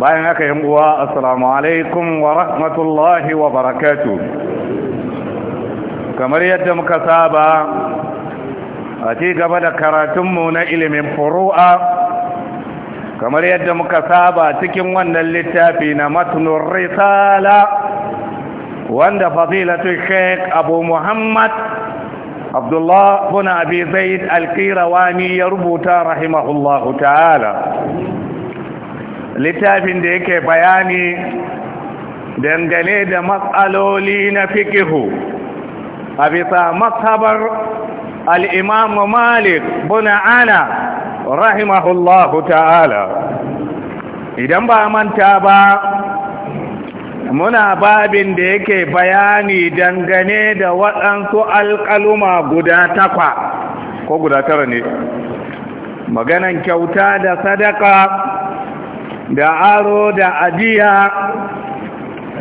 bayan haka yan uwa assalamu alaikum wa rahmatullahi wa barakatu kamar yadda muka saba a ci gaba da karatunmu na ilimin furu'a kamar yadda muka saba cikin wannan littafi na matnun risala wanda fazilatu sheik abu muhammad abdullah bin abi zaid alkirawani ya rubuta rahimahullahu ta'ala littafin da yake bayani dangane da matsaloli na fikihu a bisa matsabar alimam malik buna ana rahimahullahu ta'ala idan ba manta ba muna babin da yake bayani dangane da waɗansu alƙaluma guda takwa ko guda tara ne maganan kyauta da sadaka da aro da ajiya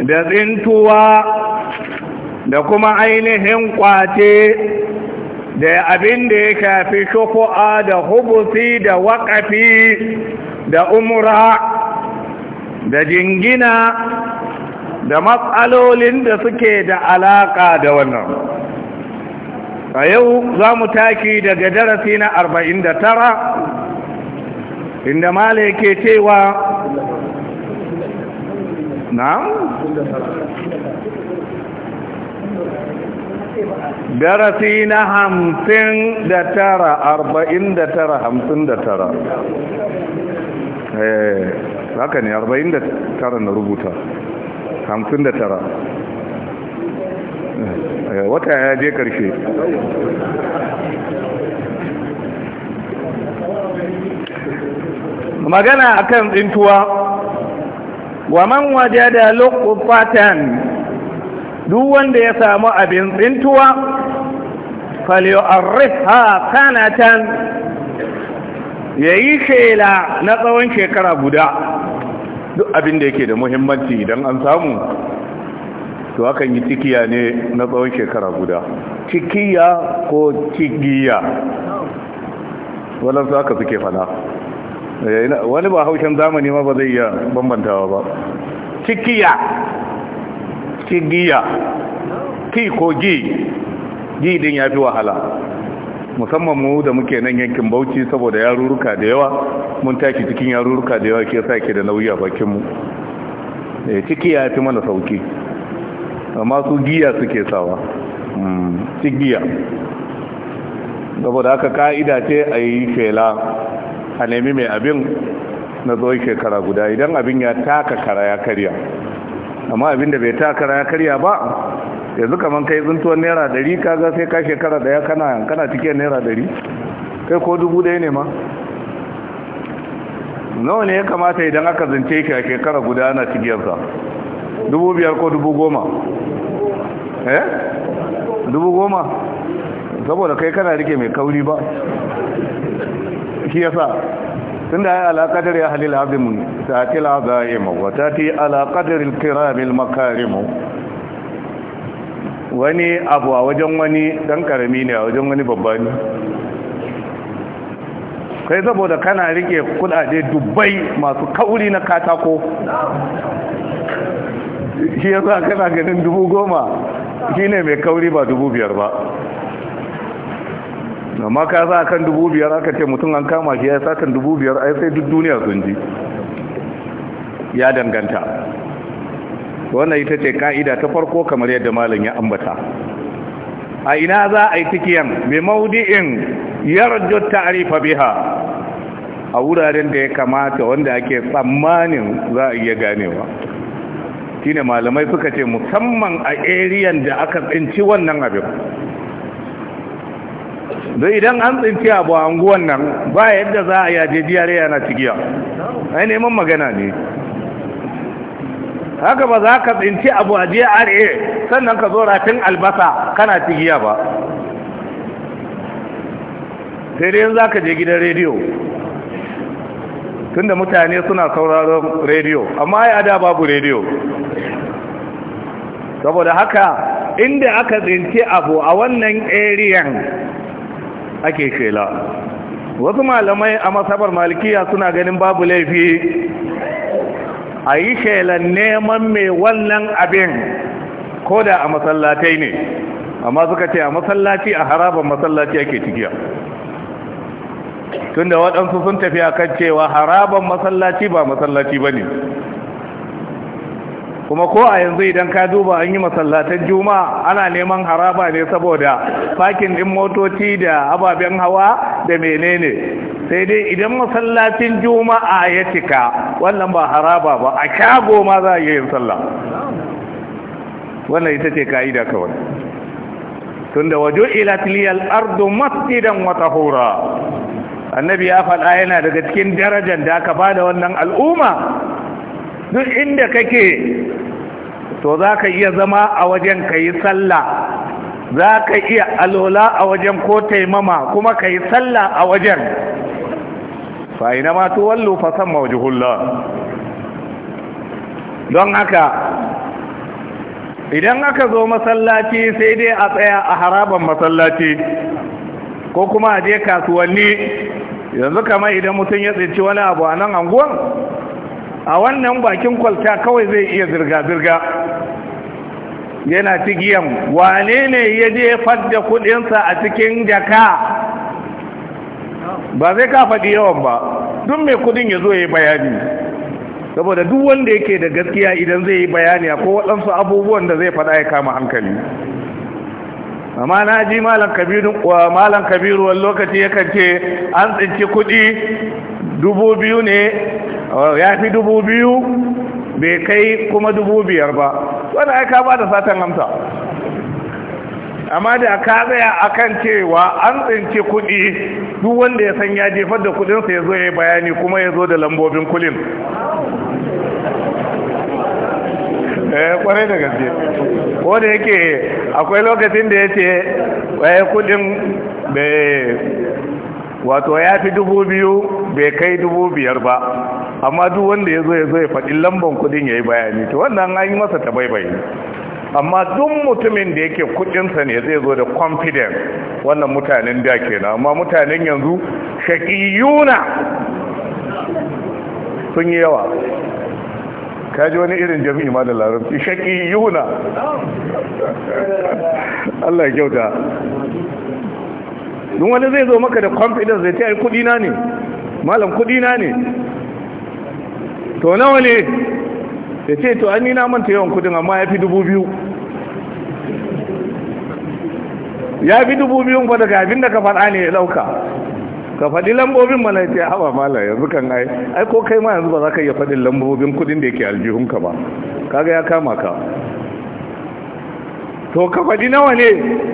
da tsintuwa da kuma ainihin kwace da abin da ya kafi shufu'a da hubusi da waƙafi da umra da jingina da matsalolin da suke da alaƙa da wannan a yau za mu taki daga darasi na arba'in da tara, inda mala yake cewa na'am darasi na hamsin da tara arba'in da tara hamsin da tara eh haka ne arba'in da tara na rubuta hamsin da tara eh, wata ya je karshe magana akan tsintuwa wa man wajada luqfatan duk wanda ya samu abin tsintuwa falyu'arrifha kanatan yayi shela na tsawon shekara guda duk abin da yake da muhimmanci idan an samu to akan yi cikiya ne na tsawon shekara guda cikiya ko cikiya wadansu aka suke fana Eh, wani ba haushen zamani ma ba zai iya bambantawa ba cikiya cikiya ki ko gi gi din ya fi wahala musamman mu da muke nan yankin bauchi saboda yarurruka da yawa mun taki cikin yarurruka da yawa ke sa ke da nauyi a bakinmu eh, Cikiya ya fi mana sauki amma su giya suke sawa hmm, ci Gaba saboda haka ka'ida ce a yi fela a nemi mai abin na tsohon shekara guda idan abin ya taka kara ya karya amma abin da bai taka kara ya karya ba yanzu kamar kai tsuntuwan naira dari kaga sai ka shekara daya kana kana cikin naira dari? kai ko dubu ɗaya ne ma nawa ne ya kamata idan aka zance ki a shekara guda ana cigiyarsa dubu biyar ko dubu goma eh dubu goma saboda kai kana rike mai kauri ba shi yasa tun da ya alaƙadar ya halil azimun ta tila mawata ta yi alaƙadar kiramil makarimu wani abu a wajen wani ɗan ƙarami ne a wajen wani babba ne kai saboda kana rike kudade dubbai masu kauri na katako shi yasa kana ganin dubu goma shi ne mai kauri ba dubu biyar ba amma ka a kan dubu biyar aka ce mutum an kama shi ya sa dubu biyar ai sai duk duniya sun ji ya danganta wannan ita ce ka'ida ta farko kamar yadda malam ya ambata a ina za a yi tikiyan mai maudi'in yarjo ta'rifa biha a wuraren da ya kamata wanda ake tsammanin za a iya ganewa shine malamai suka ce musamman a eriyan da aka tsinci wannan abin don idan an tsinci abu a unguwan nan ba yadda za a yaje diyar yana cigiya ai neman magana ne haka ba za ka tsinci abu a jra sannan ka zo ratin albasa kana cigiya ba sai dai za ka je gidan rediyo tunda mutane suna sauraron rediyo amma ya da babu rediyo saboda haka inda aka tsinci abu a wannan eriyan ake shela wasu malamai a masabar malikiya suna ganin babu laifi a yi shelan neman mai wannan abin ko da a masallatai ne amma suka ce a masallaci a harabar masallaci ake cikiya tunda waɗansu sun tafiya kan cewa haraban masallaci ba masallaci ba ne kuma ko a yanzu idan ka duba an yi masallatan juma'a ana neman haraba ne saboda fakin din motoci da ababen hawa da menene sai dai idan masallacin juma'a ya cika wannan ba haraba ba a shago ma za a yi yin sallah wannan ita ce ka'ida kawai tunda wajo ilatiliyar ardu masjidan wata hura annabi ya faɗa yana daga cikin darajar da aka bada wannan al'umma duk inda kake to za ka iya zama a wajen ka yi sallah za ka iya alola a wajen ko taimama kuma ka yi sallah a wajen fa'ina matu wallo fasan mawajihullah don haka idan aka zo masallaci sai dai a tsaya a haraban masallaci ko kuma a je kasuwanni yanzu kama idan mutum ya tsinci wani abu a nan anguwan a wannan bakin kwalta kawai zai iya zirga-zirga yana tigiyan wane ne ya je da kudinsa a cikin jaka ba zai ka faɗi yawan ba duk mai kudin ya zo ya yi bayani saboda duk wanda yake da gaskiya idan zai yi bayani ko waɗansu abubuwan da zai faɗa ya kama hankali amma na ji malam kabiru wa wani lokaci yakan ce an tsinci kuɗi dubu biyu ne ya fi dubu biyu bai kai kuma dubu biyar ba wanda aika ba da satan amsa amma da ka tsaya kan cewa an tsinci kuɗi duk wanda ya san ya jefar da kuɗinsa ya zo ya yi bayani kuma ya zo da lambobin kulin eh kwarai da gaske ko da yake akwai lokacin da ya ce eh kuɗin bai wato ya fi dubu biyu bai kai dubu biyar ba amma duk wanda ya zo ya zo ya faɗi lamban kudin ya yi bayani to wannan an yi masa ta baibaye amma duk mutumin da yake kudinsa ne zai zo da confidence wannan mutanen da na amma mutanen yanzu shakiyuna sun yi yawa Ka ji wani irin jami'i ma da larabci shakiyuna Allah ya kyauta duk wani zai zo maka da confidence zai ta yi kudina ne malam kudina ne to nawa ne ya ce to an nina manta yawan kudin amma ya fi dubu biyu ya fi dubu biyun ba daga abin da ka faɗa ne ya ɗauka ka faɗi lambobin mana ya ce haɓa mala yanzu kan ai ai ko kai ma yanzu ba za ka iya faɗin lambobin kudin da yake aljihunka ba kaga ya kama ka to ka nawa ne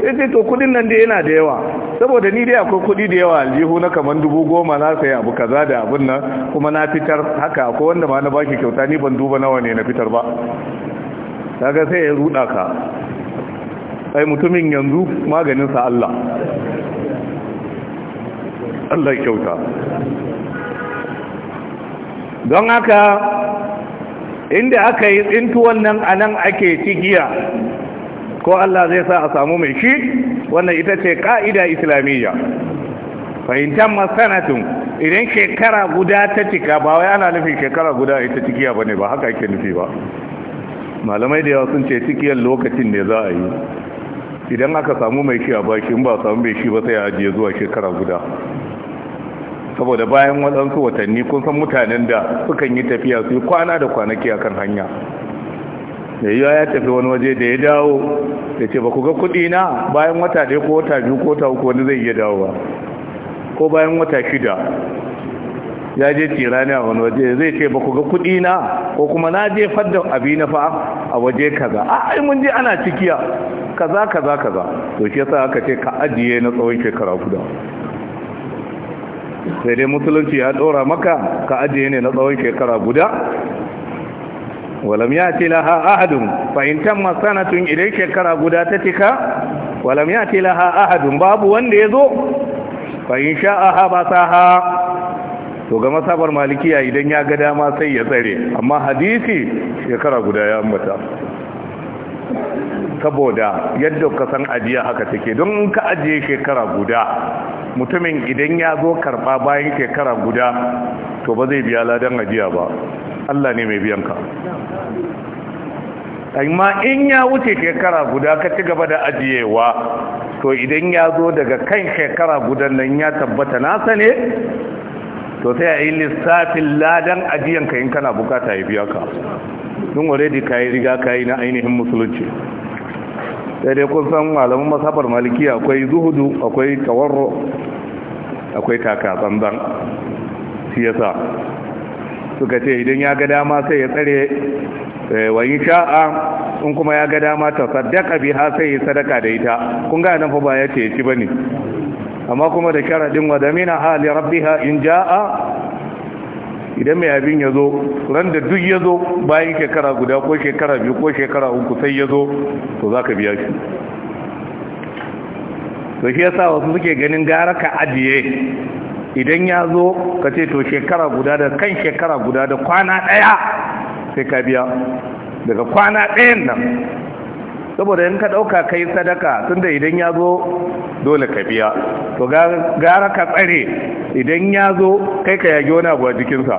sai ce to kudin nan da yana da yawa saboda ni dai akwai kudi da yawa aljihu na kaman dubu goma na sayi abu kaza da abun nan kuma na fitar haka ko wanda ma na baki kyauta ni ban duba nawa ne na fitar ba kaga sai ya ruda ka ai mutumin yanzu maganin sa Allah Allah kyauta don haka inda aka yi tsintuwan nan anan ake cigiya ko Allah zai sa a samu mai shi wannan ita ce ka'ida islamiyya fahimtar masanatun idan shekara guda ta cika ba wai ana nufin shekara guda ita cikiya ba ne ba haka ake nufi ba malamai da yawa sun ce cikiyar lokacin ne za a yi idan aka samu mai shi a baki in ba samu mai shi ba sai a ajiye zuwa shekara guda saboda bayan waɗansu watanni kun san mutanen da sukan yi tafiya su yi kwana da kwanaki akan hanya da yiwa ya tafi wani waje da ya dawo da ce ba ku ga kudi na bayan wata ɗaya ko wata biyu ko wata uku wani zai iya dawo ba ko bayan wata shida ya je tirani a wani waje zai ce ba ku ga kudi na ko kuma na je fadda abi na fa a waje kaza a ai mun je ana cikiya kaza kaza kaza to shi yasa aka ce ka ajiye na tsawon shekara guda sai dai musulunci ya dora maka ka ajiye ne na tsawon shekara guda walam yati laha ahadun fa in tamma sanatun idan shekara guda ta tika walam yati laha ahadun babu wanda yazo fa in sha'aha ha to ga masabar malikiya idan ya ga dama sai ya tsare amma hadisi shekara guda ya ambata saboda yadda ka san ajiya haka take don ka ajiye shekara guda mutumin idan ya zo karba bayan shekara guda to ba zai biya ladan ajiya ba Allah ne mai biyan ka amma in ya wuce shekara guda ka ci gaba da ajiyewa to idan ya zo daga kan shekara gudan nan ya tabbata nasa ne to sai a yi lissafin ladan ajiyanka in kana bukata ya biya ka don already ka kayi riga kayi na ainihin musulunci sai dai kun san malamin masabar maliki akwai zuhudu akwai tawarro akwai taka tsantsan siyasa suka ce idan ya ga dama sai ya tsare eh, wa sha'a in kuma ya ga dama ta saddaka biha sai ya sadaka da ita kun ga nan fa ba ya ce ci bane amma kuma da sharadin wa damina hali rabbiha in jaa idan mai abin ya zo ran da duk ya zo bayan shekara guda ko shekara biyu ko shekara uku sai ya zo to za ka biya shi to shi yasa wasu suke ganin gara ka ajiye idan ya zo ka ce to shekara guda da kan shekara guda da kwana ɗaya sai ka biya daga kwana ɗayan nan saboda in ka ɗauka ka yi sadaka tunda idan ya zo dole ka biya to gara ka tsare idan ya zo kai ka yage wani abuwa jikinsa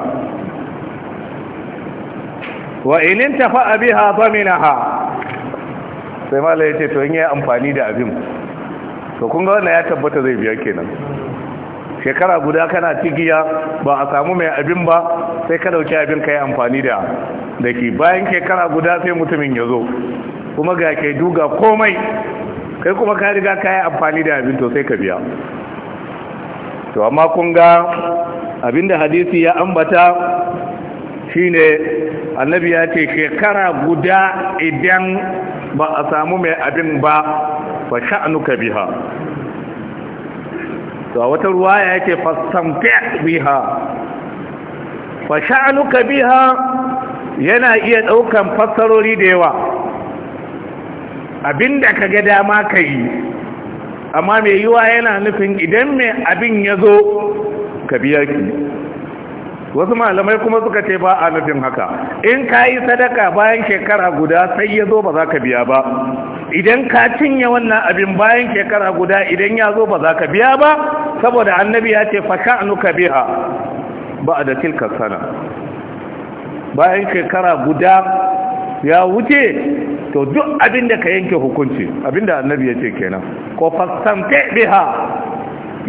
wa inin tafa abi ha mina ha sai mala ya ce to in yi amfani da abin to kunga wannan ya tabbata zai biya kenan shekara guda kana cigiya ba a samu mai abin ba sai ka dauki abin ka yi amfani da da ki bayan shekara guda sai mutumin ya zo kuma ga ke duga komai kai kuma ka riga ka yi amfani da abin to sai ka biya to amma kun ga abinda hadisi ya ambata shine annabi ya ce shekara guda idan ba a samu mai abin ba fa sha'anuka biha to a wata ya ce fasamta biha fa sha'aluka biha yana iya ɗaukan fassarori da yawa abinda ga dama kai amma mai yiwa yana nufin idan mai abin ya zo ka biya ki wasu malamai kuma suka ce ba a nufin haka in ka yi sadaka bayan shekara guda sai ya zo ba za ka biya ba idan ka cinye wannan abin bayan shekara guda idan ya zo ba za ka biya ba saboda annabi ya ce ka biya ba a da tilka sana bayan shekara guda ya wuce to duk abin da ka yanke hukunci abin da annabi ya ce kenan ko fasamte biya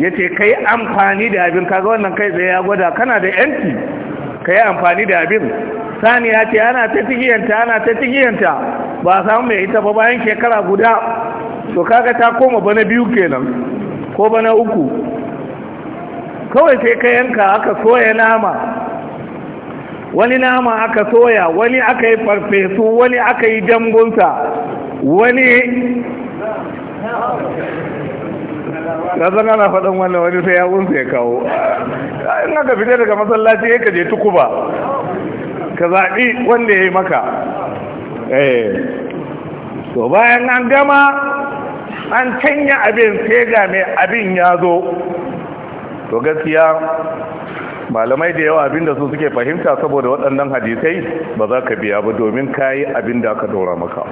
ya ce ka yi amfani da abin kaga wannan kai tsaye ya gwada kana da yanki ka yi amfani da abin Sani ya ce ana ta tigiyanta ana ta tigiyanta ba a samu mai ita ba bayan shekara guda to kaga ta koma bana biyu kenan ko bana uku kawai sai ka yanka aka soya nama wani nama aka soya wani aka yi farfesu wani aka yi dambunsa wani na san ana faɗin wannan wani sai ya unsa ya kawo in aka fita daga masallaci ya kaje tukuba ka zaɓi wanda ya yi maka eh, to bayan an gama an canya abin sai ga mai abin ya zo to gaskiya malamai da yawa abinda su suke fahimta saboda waɗannan hadisai ba za ka biya ba domin kayi abin da aka dora maka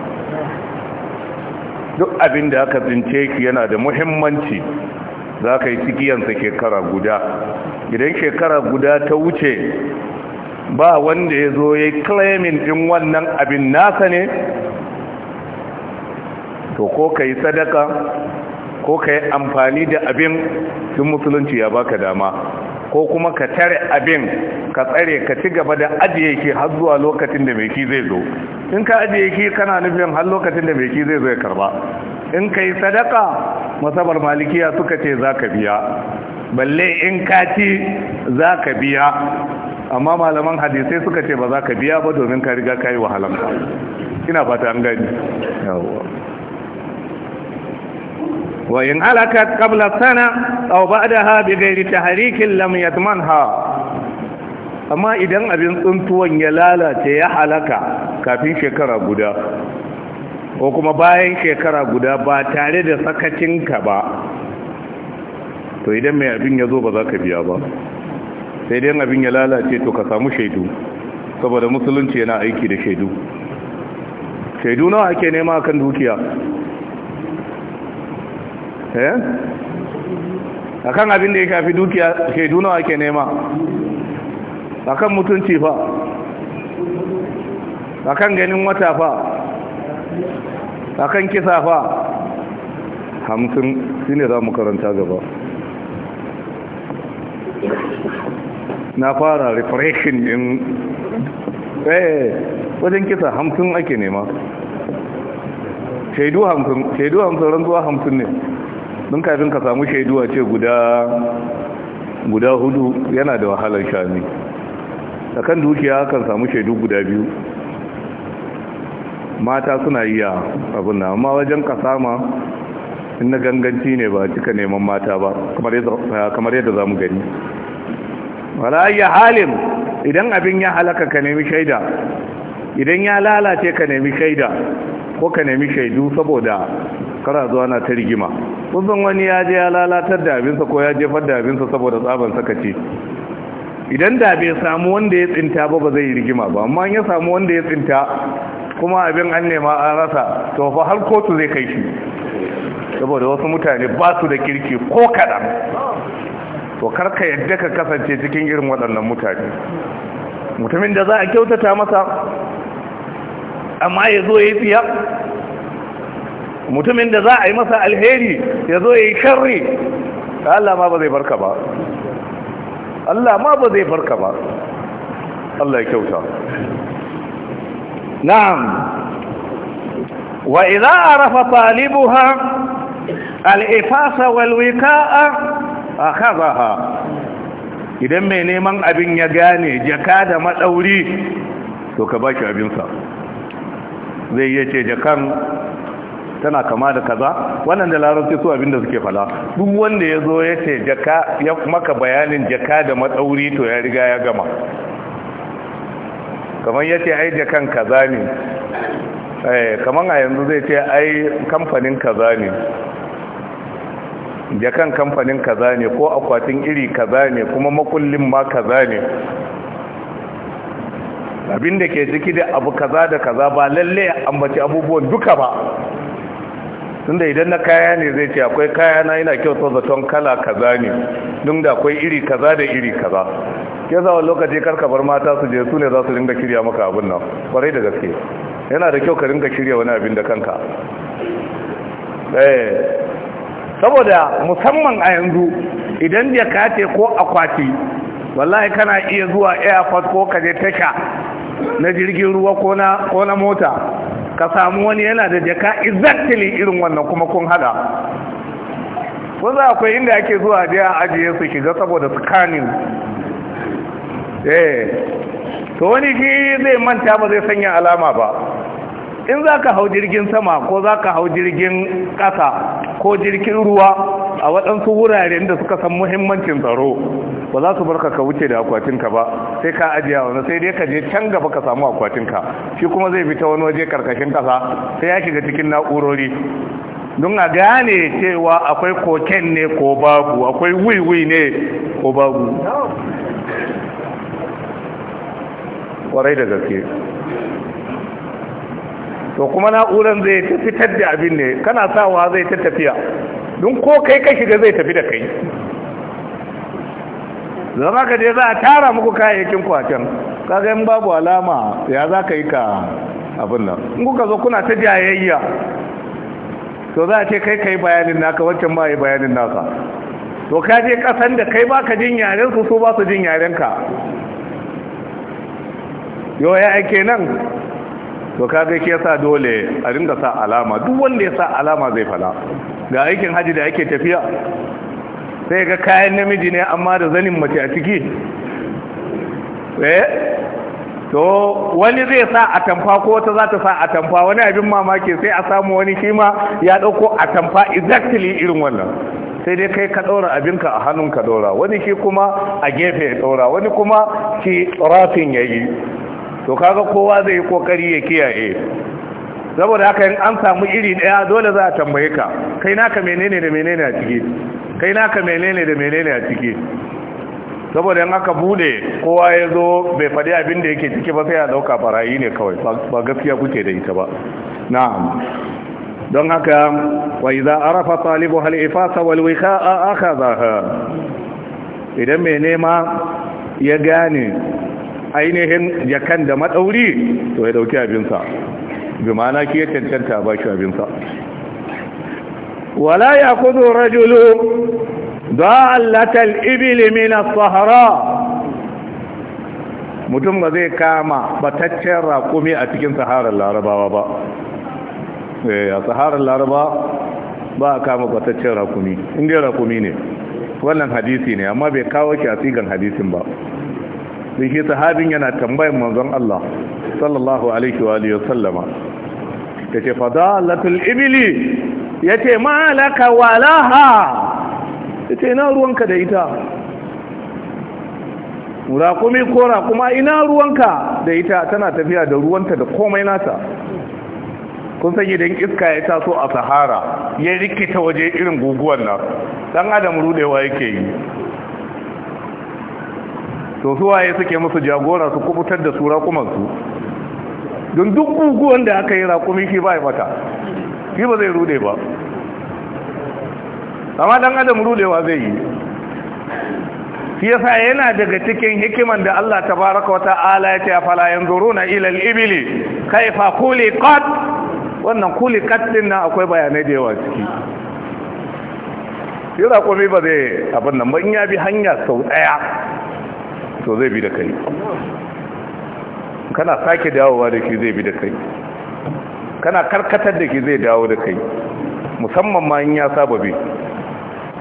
duk abin da aka tsince ki yana da muhimmanci za ka yi tsikiyansa shekara guda idan shekara guda ta wuce ba wanda ya zo ya claiming din wannan abin nasa ne to ko ka yi sadaka ko ka yi amfani da abin sun musulunci ya baka dama ko kuma ka tare abin ka tsare ka ci gaba da ajiye ki har zuwa lokacin da mai ki zai zo in ka ajiye ki kana nufin har lokacin da mai ki zai zo ya karba in kai sadaka masabar malikiya suka ce za ka biya balle in ka ci za ka biya amma malaman hadisai suka ce ba za ka biya ba domin ka riga ka yi wahalanka ina fata an gani وإن هلكت قبل السنة أو بعدها بغير harikin لم يضمنها amma idan abin tsuntuwan ya lalace ya halaka kafin shekara guda ko kuma bayan shekara guda ba tare da sakacinka ba to idan mai abin ya zo ba za ka biya ba sai dai abin ya lalace to ka samu shaidu saboda musulunci yana aiki da shaidu shaidu nawa ake nema a kan dukiya eh akan abin da ya shafi dukiya shaidu nawa ke nema A kan mutunci fa A kan ganin wata fa A kan kisa fa hamsin shi ne za mu karanta gaba na fara refreshing in eh wajen kisa hamsin ake nema shaidu hamsin shaidu hamsin ranzuwa hamsin ne don kafin ka samu shaiduwa ce guda hudu yana da wahalar shami da kan dukiya kan samu shaidu guda biyu mata suna iya abin na amma wajen kasama in na ganganci ne ba cika neman mata ba kamar yadda za mu gani wala ya halin idan abin ya halaka ka nemi shaida idan ya lalace ka nemi shaida ko ka nemi shaidu saboda kara zuwa na ta rigima kusan wani ya je ya lalatar da abinsa ko ya jefar da abinsa saboda tsaban sakaci idan da bai samu wanda ya tsinta ba ba zai rigima ba amma ya samu wanda ya tsinta kuma abin an nema an rasa to fa har kotu zai kai shi saboda wasu mutane ba su da kirki ko kaɗan to karka yadda ka kasance cikin irin waɗannan mutane mutumin da za a kyautata masa amma ya zo ya yi tsiya mutumin da za a yi masa alheri ya zo ya yi sharri Allah ma ba zai barka ba Allah ma ba zai barka ba Allah ya kyauta na'am wa idza arafa talibuha al-ifasa wal wika'a akhadha idan mai neman abin ya gane jaka da madauri to ka baki abin sa zai yace jakan tana kama da kaza wannan da larabci su abinda suke fala duk wanda ya zo ya ce jaka ya maka bayanin jaka da matsauri to ya riga ya gama kamar ya ce ai jakan kaza ne eh, kamar a yanzu zai ce ai kamfanin kaza ne jakan kamfanin kaza ne ko akwatin iri kaza ne kuma makullin ma kaza ne abinda ke ciki da abu kaza da kaza ba lalle ambaci abubuwan duka ba tunda idan na kaya ne zai ce akwai kaya na yana kyau to zaton kala kaza ne duk da akwai iri kaza da iri kaza ke zawa lokaci karka bar mata su je su ne za su ringa shirya maka abin nan kwarai da gaske yana da kyau ka ringa shirya wani abin da kanka eh, saboda musamman a yanzu idan ya kace ko akwati wallahi kana iya zuwa airport ko ka je tasha na jirgin ruwa ko na mota ka samu wani yana da jaka exactly irin wannan kuma kun hada ko za akwai inda ake zuwa je a ajiye su shiga saboda scanning eh to wani shi zai manta ba zai sanya alama ba in za ka hau jirgin sama ko za ka hau jirgin ƙasa ko jirgin ruwa a waɗansu wuraren da suka san muhimmancin tsaro ba za su barka ka wuce da akwatinka ba sai ka ajiya wani sai dai ka je can gaba ka samu akwatinka shi kuma zai fita wani waje karkashin kasa sai ya shiga cikin na'urori don a gane cewa akwai koken ne ko babu akwai wiwi ne ko babu kwarai da gaske to kuma na'uran zai fitar da abin ne kana sawa zai ta tafiya don ko kai ka shiga zai tafi da kai zama ka je za a tara muku kayayyakin kwacin kaga yin babu alama ya za ka yi ka abin nan in kuka zo kuna ta jayayya to za a ce kai ka yi bayanin naka wancan ba yi bayanin naka to ka je kasan da kai ba ka jin yaren su su ba su jin yaren ka yau ya ake nan to kaga ke sa dole a rinda sa alama duk wanda ya sa alama zai fala ga aikin haji da ake tafiya sai ga kayan namiji ne amma da zanin mace a ciki eh to wani zai sa a tamfa ko wata za ta sa a tamfa wani abin mamaki sai a samu wani kima ya dauko a tamfa exactly irin wannan sai dai kai ka ɗaura abinka a hannun ka ɗaura wani shi kuma a gefe ya ɗaura wani kuma ki rafin ya yi to kaga kowa zai yi kokari ya kiyaye saboda haka in an samu iri daya dole za a tambaye ka kai naka menene da menene a ciki kai naka menene da menene a ciki saboda in aka bude kowa ya zo bai faɗi abin da yake ciki ba sai a ɗauka barayi ne kawai ba gaskiya kuke da ita ba na'am don haka wa idza arafa talibu hal ifasa wal wiqa'a akhadha idan mai nema ya gane ainihin jakan da matsauri to ya dauki abinsa bi ma'ana ki ya cancanta ba shi abinsa wala ya kudu rajulu da'allatal ibili mina sahara mutum ba zai kama bataccen raƙumi a cikin saharar larabawa ba eh, a saharar laraba ba a kama bataccen rakumi inda rakumi ne wannan hadisi ne amma bai kawo shi a sigan hadisin ba sai ke sahabin yana tambayin manzon Allah sallallahu alaihi wa alihi wasallama yace fadalatul ibli yace malaka walaha yace ina ruwanka da ita kuma kora kuma ina ruwanka da ita tana tafiya da ruwanta da komai nata kun san idan iska ya taso a sahara ya rikita waje irin guguwar nan dan adam rudewa yake yi to su waye suke musu jagora su kubutar da su don duk guguwan da aka yi raƙumi shi ba ya mata shi ba zai rude ba amma dan adam rudewa zai yi shi yasa yana daga cikin hikiman da Allah tabaraka wa ta'ala ya ce afala yanzuruna ila al-ibli kaifa kat. wannan kat din nan akwai bayanai da yawa ciki shi raƙumi ba zai abin nan ba in ya bi hanya sau ɗaya to zai bi da kai kana sake dawowa da ke zai bi da kai kana karkatar da ke zai dawo da kai musamman ma in ya saba bi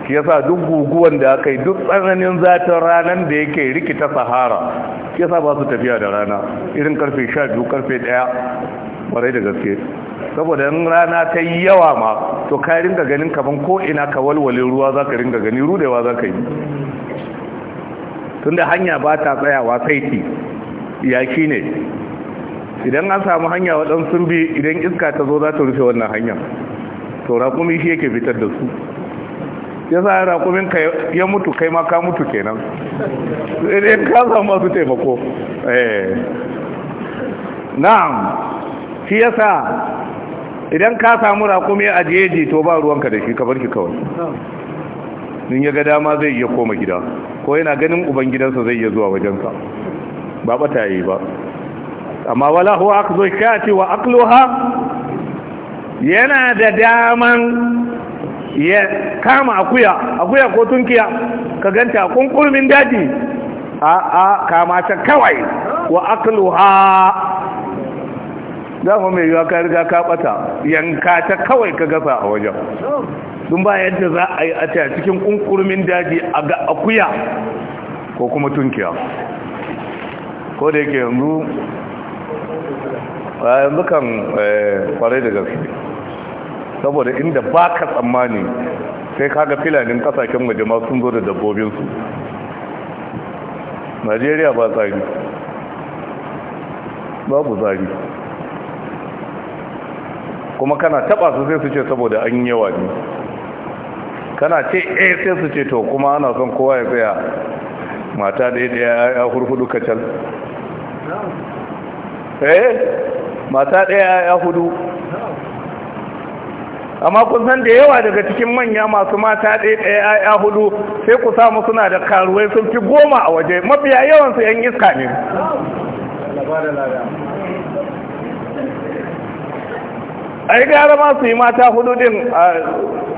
shi yasa duk guguwan da aka yi duk tsananin zatar ranar da yake rikita sahara shi yasa ba su tafiya da rana irin karfe sha karfe 1 ƙwarai da gaske saboda in rana ta yi yawa ma to ka ringa ganin kamar ko ina ka walwale ruwa za ka ringa gani rudewa za ka yi tunda hanya ba ta tsayawa saiti yaki ne idan an samu hanya waɗansu bi idan iska ta zo za ta rufe wannan hanyar to rakumi shi yake fitar da su ya sa raƙumin ka ya mutu kai ma ka mutu kenan idan ka samu masu taimako eh. na'am shi ya sa idan ka samu raƙumi a jeji to ba ruwanka da shi ka bar shi kawai in ya ga dama zai iya koma gida ko yana ganin ubangidansa gidansa zai iya zuwa wajensa ba bata yi ba amma wala huwa akzu kati wa aqluha yana da daman ya kama akuya akuya ko tunkiya ka ganta kunkurmin daji a a kama ta kawai wa aqluha za mu mai yiwa ka riga ka bata yanka ta kawai ka gasa a wajen Sun ba yadda za a yi a ta cikin kunkurmin daji a ga akuya ko kuma tunkiya ko da yake yanzu yanzu kan eh, kwarai da gaske saboda inda ba ka tsammani sai kaga filanin kasashen waje ma sun zo da dabbobinsu najeriya ba tsari babu tsari kuma kana taba su sai su ce saboda an yawa ne kana ce eh sai su ce to kuma ana son kowa ya tsaya mata da ya hurhudu kacal eh mata ɗaya ya hudu amma kun san da yawa daga cikin manya masu mata ɗaya ɗaya ya hudu sai ku samu suna da karuwai sun fi goma a waje mafiya yawansu yan iska ne ai gara ma su yi mata hudu din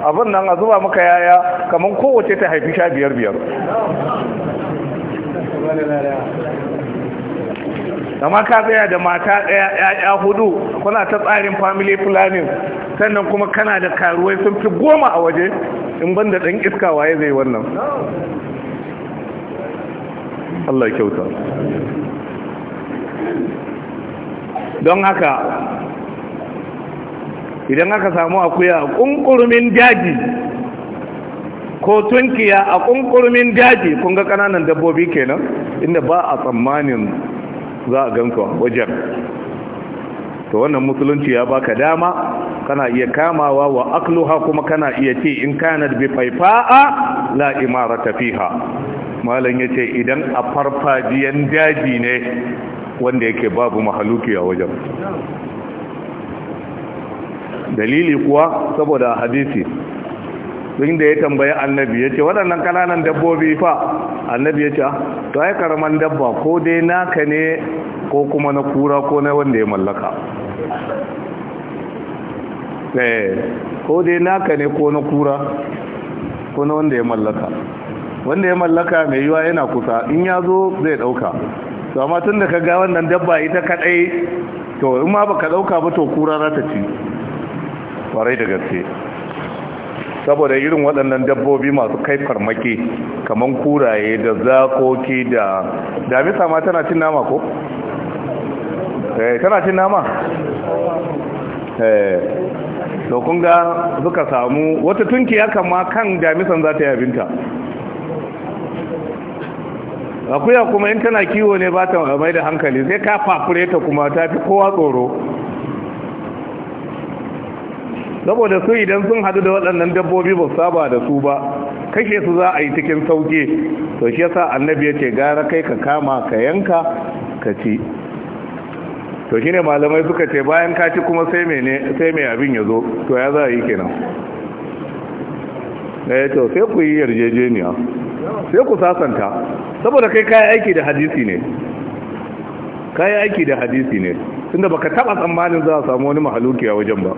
abin nan a zuba maka yaya kamar kowace ta haifi sha biyar biyar amma ka tsaya da mata ɗaya ya'ya hudu kuna ta tsarin family planning sannan kuma kana da karuwai sun fi goma a waje in ban da ɗan iska waye zai wannan Allah kyauta don haka idan aka samu akuya a ƙunƙurmin daji ko tunkiya a ƙunƙurmin daji kun ga kananan dabbobi kenan inda ba a tsammanin za a ganka wajen to wannan musulunci ya baka dama kana iya kamawa wa akluha kuma kana iya ce in kana bi faifa'a la imarata fiha malam yace idan a farfajiyan daji ne wanda yake babu mahaluki a wajen dalili kuwa saboda hadisi din da ya tambayi annabi ya ce waɗannan kananan dabbobi fa annabi ya ce ah, to ai karaman dabba ko dai naka ne ko kuma na kura ko na wanda ya mallaka eh, ko dai naka ne ko na kura ko na wanda ya mallaka wanda ya mallaka mai yiwa yana kusa in ya zo zai ɗauka to amma tun da ka ga wannan dabba ita kaɗai to in ma baka ɗauka ba to kura za ta ci kwarai da gaske saboda irin waɗannan dabbobi masu kai farmaki kamar kuraye da zakoki da damisa ma tana cin nama ko? eh tana cin nama? eh to kun ga suka samu wata ya kama kan damisan za ta yi abinta akuya kuma in tana kiwo ne ba ta mai da hankali sai ka fafure ta kuma ta fi kowa tsoro saboda su idan sun hadu da waɗannan dabbobi ba saba da su ba kashe su za a yi cikin sauke to shi yasa annabi ya ce gara kai ka kama ka yanka ka ci to shine malamai suka ce bayan ka ci kuma sai mene sai mai abin ya zo to ya za a yi kenan eh to sai ku yi yarjejeniya sai ku sasanta saboda kai kai aiki da hadisi ne kai aiki da hadisi ne tunda baka taba tsammanin za a samu wani mahaluki a wajen ba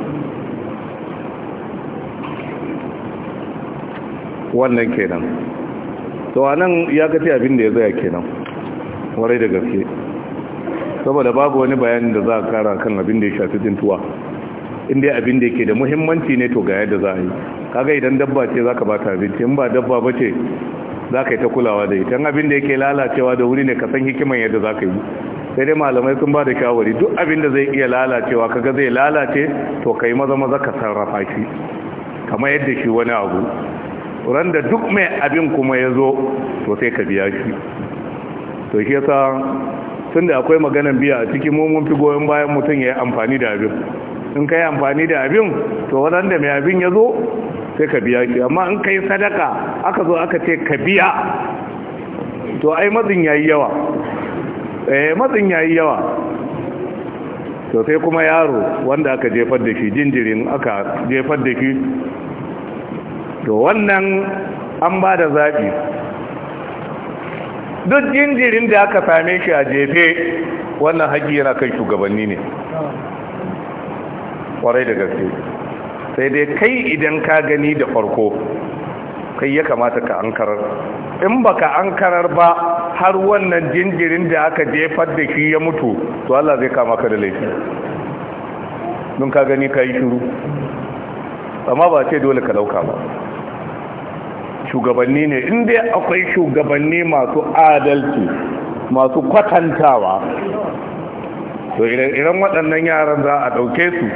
wannan kenan to anan ya kace abin da ya zaya kenan warai da gaske saboda babu wani bayani da za a kara kan abin da ya shafi jintuwa inda abin da yake da muhimmanci ne to ga yadda za a yi kaga idan dabba ce zaka ba ta abinci in ba dabba ba ce za ka yi ta kulawa da ita abin da yake lalacewa da wuri ne ka san hikiman yadda za ka yi sai dai malamai sun ba da shawari duk abin da zai iya lalacewa kaga zai lalace to ka yi maza maza ka sarrafa shi kamar yadda shi wani abu da duk mai abin kuma ya zo to sai ka biya shi to shi yasa tun da akwai maganan biya a cikin mun fi goyon bayan mutum ya yi amfani da abin in ka yi amfani da abin to waɗanda mai abin ya zo sai ka biya shi amma in ka yi sadaka aka zo aka ce ka biya to ai matsin ya yi yawa eh matsin ya yi yawa to sai kuma yaro wanda aka jefar da shi jinjirin aka jefar da shi to wannan an ba da zaɓi duk jinjirin da aka same shi a jefe wannan haƙi yana kan shugabanni ne ƙwarai da gaske sai dai kai idan ka gani da farko kai ya kamata ka ankarar in ba baka ankarar ba har wannan jinjirin da aka jefar da shi ya mutu to Allah zai kama ka da laifi don ka gani ka yi shiru amma ba ce dole ka lauka ba shugabanni ne in dai akwai shugabanni masu adalci masu kwatantawa to idan waɗannan yaran za a ɗauke su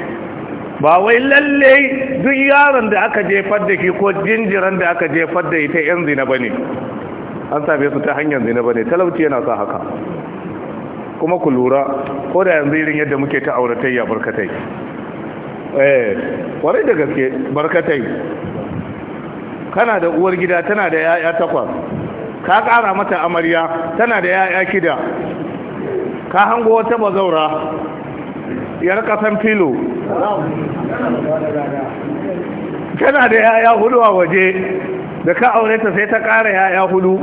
ba wai lalle duk yaron da aka jefar da shi ko jinjiran da aka jefar da ita yan zina ba ne. an same su ta hanyar zina ba ne. talauci yana sa haka kuma ku lura ko da yanzu irin yadda muke ta auratayya barkatai eh kwarai da gaske barkatai kana da uwar gida tana da yaya takwas ka ƙara mata amarya tana da yaya kida ka hango wata bazaura yar kasan filo tana da yaya hudu a waje da ka aure ta sai ta ƙara yaya hudu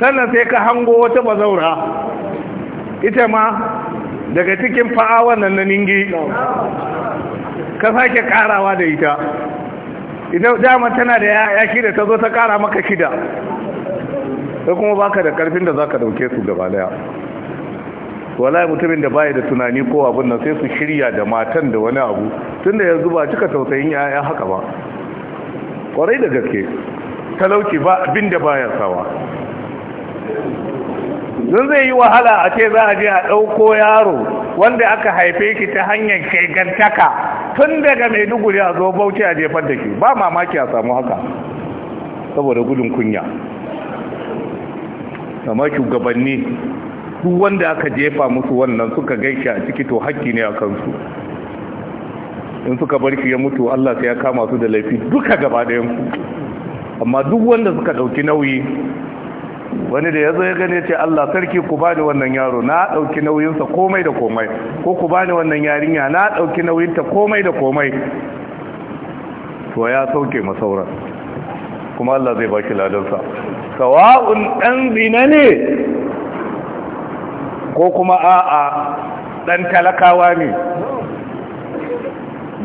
sannan sai ka hango wata bazaura ita ma daga cikin fa'awar nan na ningi ka sake karawa da ita idan dama tana da ya shida ta zo ta kara maka shida ta kuma baka da karfin da za ka dauke su gaba daya mutumin da baya da tunani ko abin nan sai su shirya da matan da wani abu tunda yanzu ba cika tausayin yaya haka ba kwarai da gaske talauci ba abin da baya sawa don zai yi wahala a ce za a je a ɗauko yaro wanda aka haife shi ta hanyar shaigantaka. tun daga maiduguri a zo bauchi a jefar da ke ba mamaki a samu haka saboda gudun kunya amma shugabanni duk wanda aka jefa musu wannan suka gaishe a ciki to haƙƙi ne a kansu in suka bar shi ya mutu Allah sai ya kama su da laifi duka gaba ɗayan amma duk wanda suka ɗauki nauyi wani da ya zo ya gane ce Allah sarki ku bani wannan yaro na ɗauki nauyinsa komai da komai ko ku bani wannan yarinya na ɗauki nauyinta komai da komai to ya sauke masauran kuma Allah zai baki ladansa sawa'un ɗan zina ne ko kuma a'a ɗan talakawa ne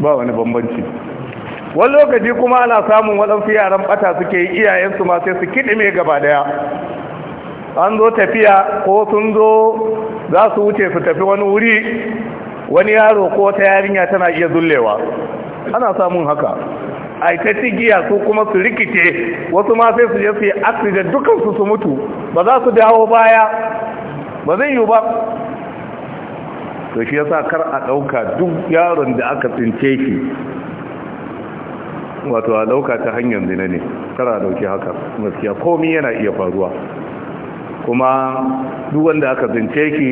ba wani bambanci wani lokaci kuma ana samun waɗansu yaran ɓata suke yi iyayensu ma sai su kiɗi mai gaba daya an zo tafiya ko sun zo za su wuce su tafi wani wuri wani yaro ko ta yarinya tana iya zullewa ana samun haka a ta cigiya su kuma su rikice wasu ma sai su je su yi accident dukansu su mutu ba za su dawo baya ba zai yi ba to shi yasa kar a ɗauka duk yaron da aka tsince shi wato a ɗauka ta hanyar zina ne kar a ɗauki haka gaskiya komi yana iya faruwa kuma duk wanda aka zince ki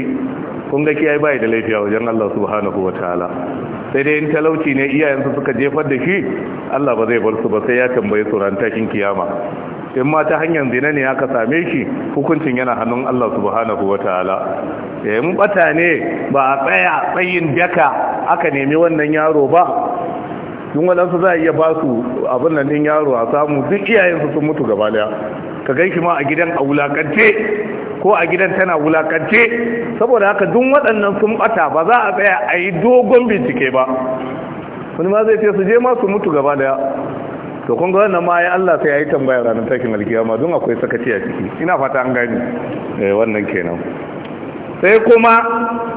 kun ga kiyaye bai da laifi wajen Allah subhanahu wataala sai dai in talauci ne iyayensu suka jefar da shi Allah ba zai bar su ba sai ya tambaye su ran tashin kiyama in ma ta hanyar zina ne aka same shi hukuncin yana hannun Allah subhanahu wataala mun eh, bata ne ba a tsaya tsayin daka aka nemi wannan yaro ba dun wadansu za a iya ba su abin nan din yaro a samu duk iyayensu sun mutu gaba daya ka gan shi ma a gidan a wulakance ko a gidan tana wulakance saboda haka dun waɗannan sun bata ba za a tsaya a yi dogon bincike ba wani ma zai ce su je ma su mutu gaba daya to kun ga wannan ma ya Allah sai ya yi tambaya ranar takin alkiyama don akwai sakaci a ciki ina fata an gani eh wannan kenan sai kuma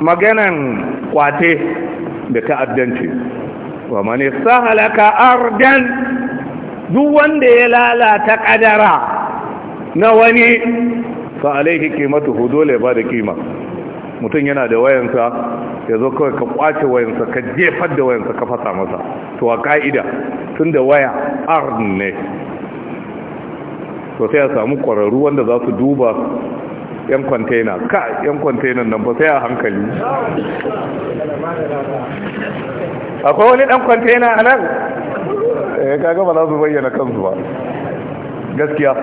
maganan kwate da ta'addanci wa man yasahalaka ardan duk wanda ya lalata kadara na wani fa alaihi qimatuhu dole ba da kima mutum yana da wayansa ya zo kawai ka kwace wayansa ka jefar da wayansa ka fasa masa to a ka'ida tun da waya arne ne to sai a samu kwararru wanda za su duba yan kwantena ka yan kwantena nan ba sai a hankali akwai wani dan kwantena a nan ya eh, kaga ba za su bayyana kansu ba gaskiya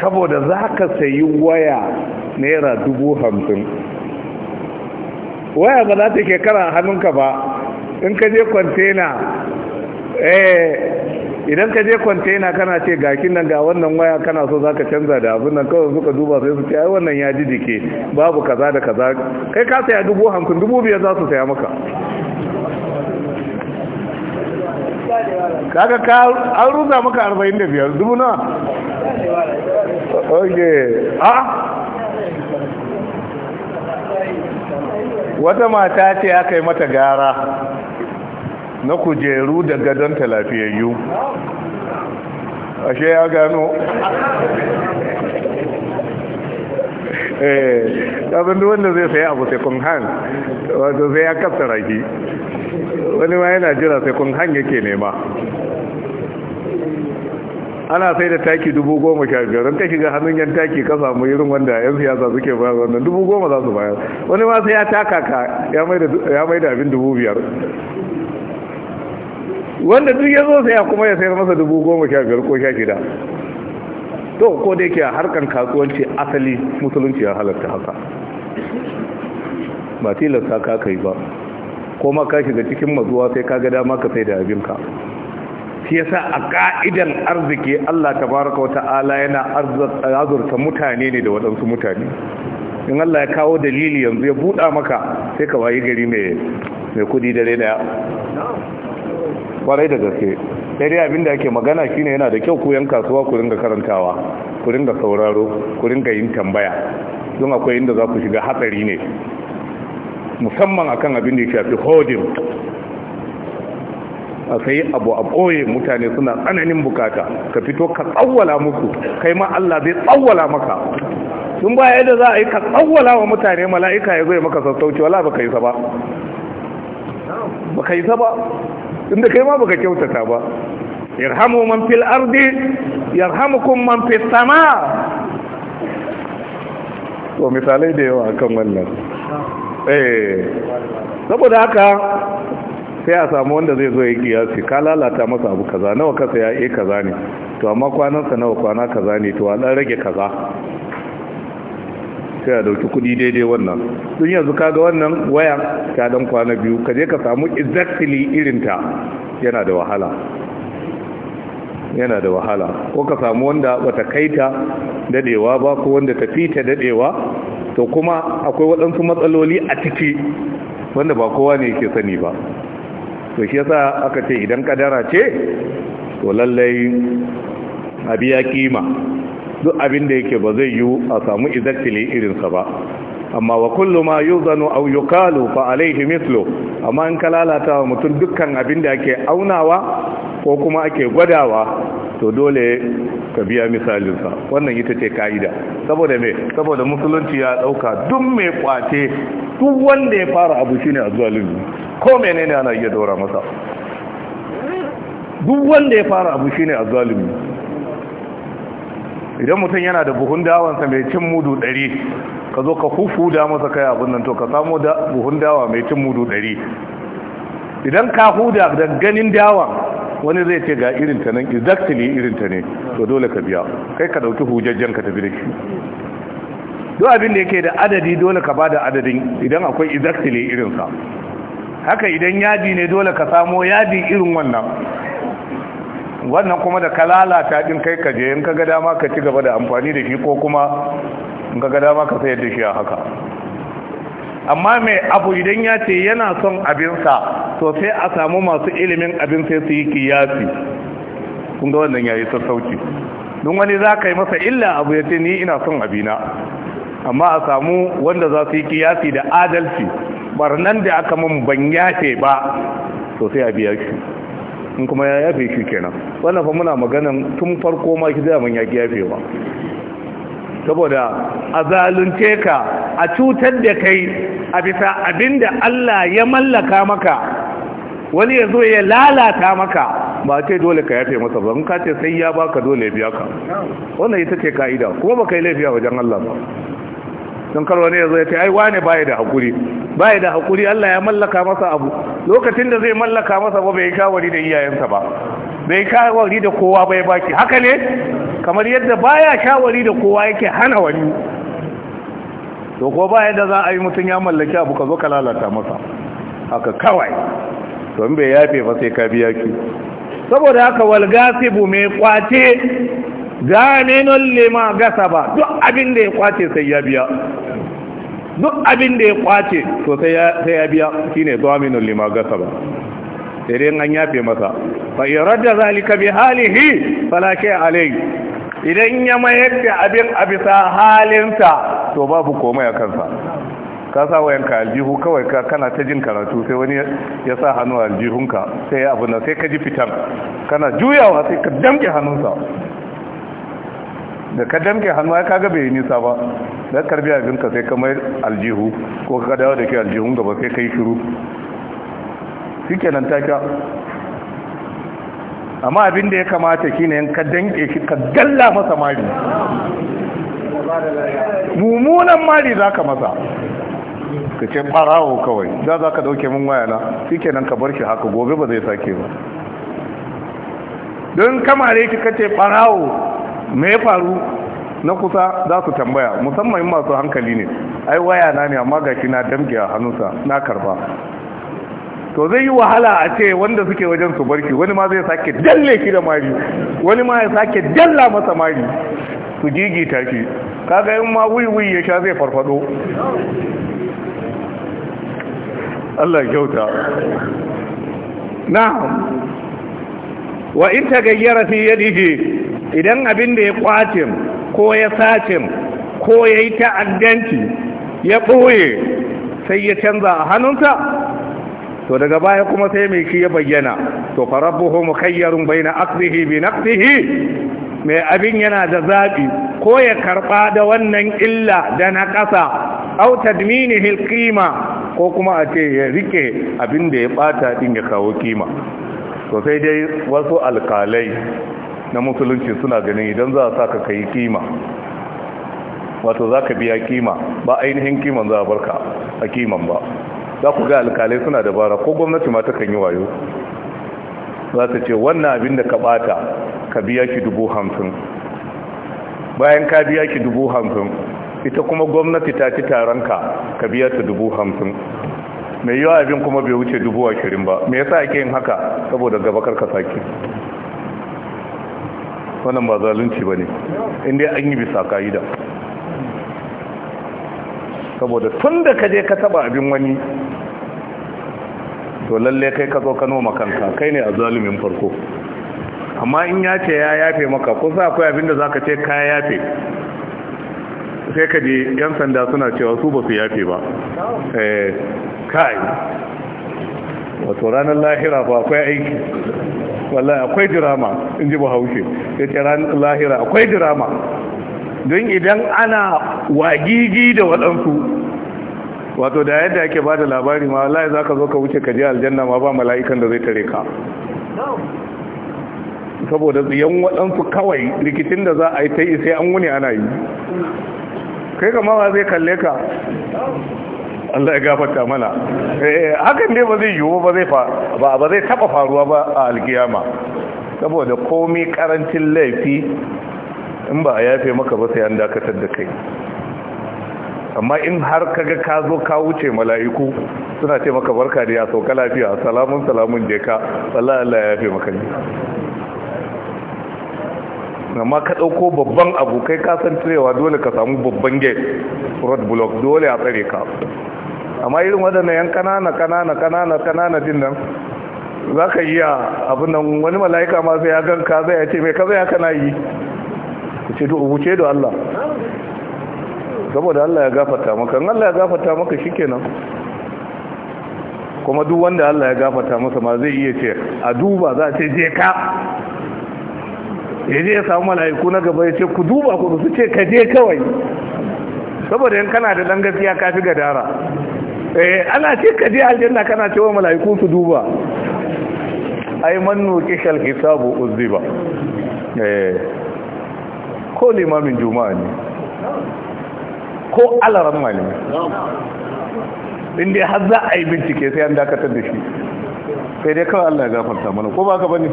saboda za ka sayi waya naira dubu hamsin waya ba za ta ke karan hannunka ba in ka je kwantena eh idan ka je kwantena kana ce gakin nan ga wannan waya kana so za ka canza da abin nan kawai suka duba sai su ce ai wannan ya ji jike babu kaza da kaza kai ka saya dubu hamsin dubu biyar za su saya maka kaga ka an ruza maka 45 dubu na oge a wata mata ce aka yi mata gara na kujeru da gadon talafiyayyu ashe ya gano Eh, abin da wanda zai saya abu kun hand wato sai ya kafta raki wani ma yana jira sai kun hand yake nema ana sai da taki dubu goma sha biyar don ka shiga hannun yan taki ka samu irin wanda yan siyasa suke bayar wannan dubu goma za su bayar wani ma sai ya taka ka ya mai da abin dubu biyar wanda duk ya zo sai ya kuma ya sayar masa dubu goma sha biyar ko sha shida to ko da yake harkan kasuwanci asali musulunci ya halarta haka ba tilasta ka kai ba ko ma ka shiga cikin mazuwa sai ka ga dama ka sai da abinka shi yasa a ka'idan arziki Allah tabaraka wa ta'ala yana azurta mutane ne da waɗansu mutane in Allah ya kawo dalili yanzu ya buɗa maka sai ka wayi gari mai kudi dare ya kwarai da gaske sai dai abinda ake magana shine yana da kyau ku yan kasuwa ku ringa karantawa ku ringa sauraro ku ringa yin tambaya don akwai inda za ku shiga hatsari ne musamman akan abin da ya shafi hodin a sai abu a ɓoye mutane suna tsananin bukata ka fito ka tsawwala muku kai ma Allah zai tsawwala maka tun ba yadda za a yi ka tsawwala wa mutane mala'ika ya zai maka sassauci wala baka yi sa ba baka yi sa ba inda kai ma baka kyautata ba irhamu man fil ardi yarhamukum man fis sama to misalai da yawa akan wannan eh saboda haka sai a samu wanda zai zo ya kiyasi ka lalata masa abu kaza nawa ka saya eh kaza ne to amma kwanansa nawa kwana kaza ne to an rage kaza sai a dauki kudi daidai wannan sun yanzu kaga wannan waya ta dan kwana biyu ka je ka samu exactly irin ta yana da wahala yana da wahala ko ka samu wanda bata ta dadewa ba ko wanda ta fita dadewa to kuma akwai waɗansu matsaloli a ciki wanda ba kowa ne yake sani ba to shi yasa aka ce idan kadara ce to lallai abi ya kima duk abin da yake ba zai yiwu a samu exactly irinsa ba amma wa kullu ma yuzanu aw yuqalu fa alayhi mithlu amma in ka wa mutum dukkan abin da ake aunawa ko kuma ake gwadawa to dole ka biya misalinsa wannan ita ce ka'ida saboda me saboda musulunci ya dauka duk mai kwace duk wanda ya fara abu shine azzalimi ko menene ana iya dora masa duk wanda ya fara abu shine azzalimi idan mutum yana da buhun dawansa mai cin mudu ɗari ka zo ka hufuda masa kai abin nan to ka samu da buhun dawa mai cin mudu dari idan ka huda da ganin dawa wani zai ce ga irin ta nan exactly irin ta ne to dole ka biya kai ka dauki hujajjen ka tafi da shi duk abin da yake da adadi dole ka bada adadin idan akwai exactly irin sa haka idan yadi ne dole ka samo yadi irin wannan wannan kuma da ka lalata din kai ka je in ka ga dama ka ci gaba da amfani da shi ko kuma in ka gada maka sayar da shi a haka amma mai abu idan ya ce yana son abinsa to sai a samu masu ilimin abin sai su yi kiyasi kun ga wannan yayi sassauci don wani za ka yi masa illa abu ya ce ni ina son abina amma a samu wanda za su yi kiyasi da adalci nan da aka mun ban yafe ba to sai a biya shi in kuma ya yafe shi kenan wannan fa muna maganan tun farko ma shi zai man yaki yafewa saboda a zalunce ka a cutar da kai a bisa abinda Allah ya mallaka maka wani ya zo ya lalata maka ba ce dole ka yafe masa ba ka ce sai ya baka dole ya biya ka wannan ita ce ka'ida kuma ba kai laifi a wajen Allah ba don kar wani ya zo ya ce ai wane baya da hakuri baya da hakuri Allah ya mallaka masa abu lokacin da zai mallaka masa ba bai shawari da iyayensa ba bai shawari da kowa bai baki haka ne kamar yadda baya shawari da kowa yake hana wani to ko ba yadda za a yi mutum ya mallaki abu ka zo ka lalata masa haka kawai To bai yafe ba sai ka biya ki saboda haka wal gasibu mai kwace ganinun lima gasa ba duk abin da ya kwace sai ya biya duk abin da ya kwace to sai ya biya shine zaminun lima gasa ba sai dai an yafe masa fa rada zalika bi halihi falake alai idan ya mayar da abin a bisa halinsa to babu komai a kansa ka sa ka aljihu kawai ka kana ta jin karatu sai wani ya sa hannu aljihunka sai ya abu na sai ka ji fitan kana juyawa sai ka damke hannunsa da ka damke hannu ya kaga bai nisa ba da karbi abinka sai ka mai aljihu ko ka dawo da ke aljihun gaba sai ka yi shiru shi kenan ta kya amma abin da ya kamata shine ne ka danke shi ka galla masa mari mummunan mari za ka masa ka ce barawo kawai za za ka dauke mun wayana shi kenan ka bar shi haka gobe ba zai sake ba don kamare ki kace barawo me ya faru na kusa za su tambaya musamman masu hankali ne ai waya na ne amma gashi na damgiya a hannunsa na karba to zai yi wahala a ce wanda suke wajen su barki wani ma zai sake dalle ki da mari wani ma ya sake dalla masa mari su gigita shi kaga yin ma wuyi wuyi ya sha zai farfado Allah kyauta na'am wa in tagayyara fi yadihi idan abin da ya kwace ko ya sace ko yayi ta'addanci ya ɓoye sai ya canza a hannunsa to daga baya kuma sai mai shi ya bayyana to fa rabbuhu baina aqdihi bi naqdihi mai abin yana da zabi ko ya karba da wannan illa da na kasa aw tadminihi alqima ko kuma a ce ya rike abin da ya bata din ya kawo kima to sai dai wasu alkalai na musulunci suna ganin idan za a saka kai kima wato za biya kima ba ainihin kiman za a barka a kiman ba za ku ga alkalai suna dabara ko gwamnati ma kan yi wayo za ta ce wannan abin da ka bata ka biya ki dubu hamsin bayan ka biya ki dubu hamsin ita kuma gwamnati ta ci taron ka ka biya ta dubu hamsin mai yawa abin kuma bai wuce dubu ashirin ba me yasa ake yin haka saboda gabakar ka sake wannan ba zalunci ba ne inda an yi bisa ka'ida saboda tun da ka je ka taba abin wani to lalle kai ka zo ka noma kanka kai ne a zalumin farko amma in ya ce ya yafe maka ko sa akwai abinda da zaka ce ka yafe sai ka je yan sanda suna cewa su ba su yafe ba eh kai wato ranar lahira ba akwai aiki wallahi akwai dirama in ji bahaushe ya ce ranar lahira akwai dirama don idan ana wagigi da waɗansu wato da yadda ake ba da labari ma wallahi za ka zo ka wuce ka je aljanna ma ba mala'ikan da zai tare ka saboda yan waɗansu kawai rikicin da za a yi ta yi sai an wuni ana yi kai kama ba zai kalle ka Allah ya gafarta mana eh, hakan dai ba zai yiwu ba zai ba ba zai taba faruwa ba a alkiyama saboda komai karancin laifi in ba a yafe maka ba sai an dakatar da kai amma in har kaga ka zo ka wuce mala'iku suna ce maka barka da ya sauka lafiya salamun salamun je ka wallahi Allah ya yafe maka ne amma ka dauko babban abu kai ka san cewa dole ka samu babban gate road block dole a tsare ka amma irin wadannan yan kanana kanana kanana kanana din nan za ka yi abin nan wani mala'ika ma sai ya ganka zai ya ce mai ka zai haka na yi ku ce da Allah saboda Allah ya gafarta maka kan Allah ya gafarta maka shikenan kuma duk wanda Allah ya gafarta masa ma zai iya ce a duba za ce je ka yaje ya samu mala'iku na gaba ya ce ku duba ku su ce ka je kawai saboda in kana da dan gaskiya ka fi gadara eh ana ce ka je aljanna kana cewa mala'iku su duba ai man nuki shal hisabu uzziba eh ko limamin juma'a ne ko alaran malami inda har za a yi bincike sai an dakatar da shi sai dai kawai Allah ya gafarta mana ko ba ka bane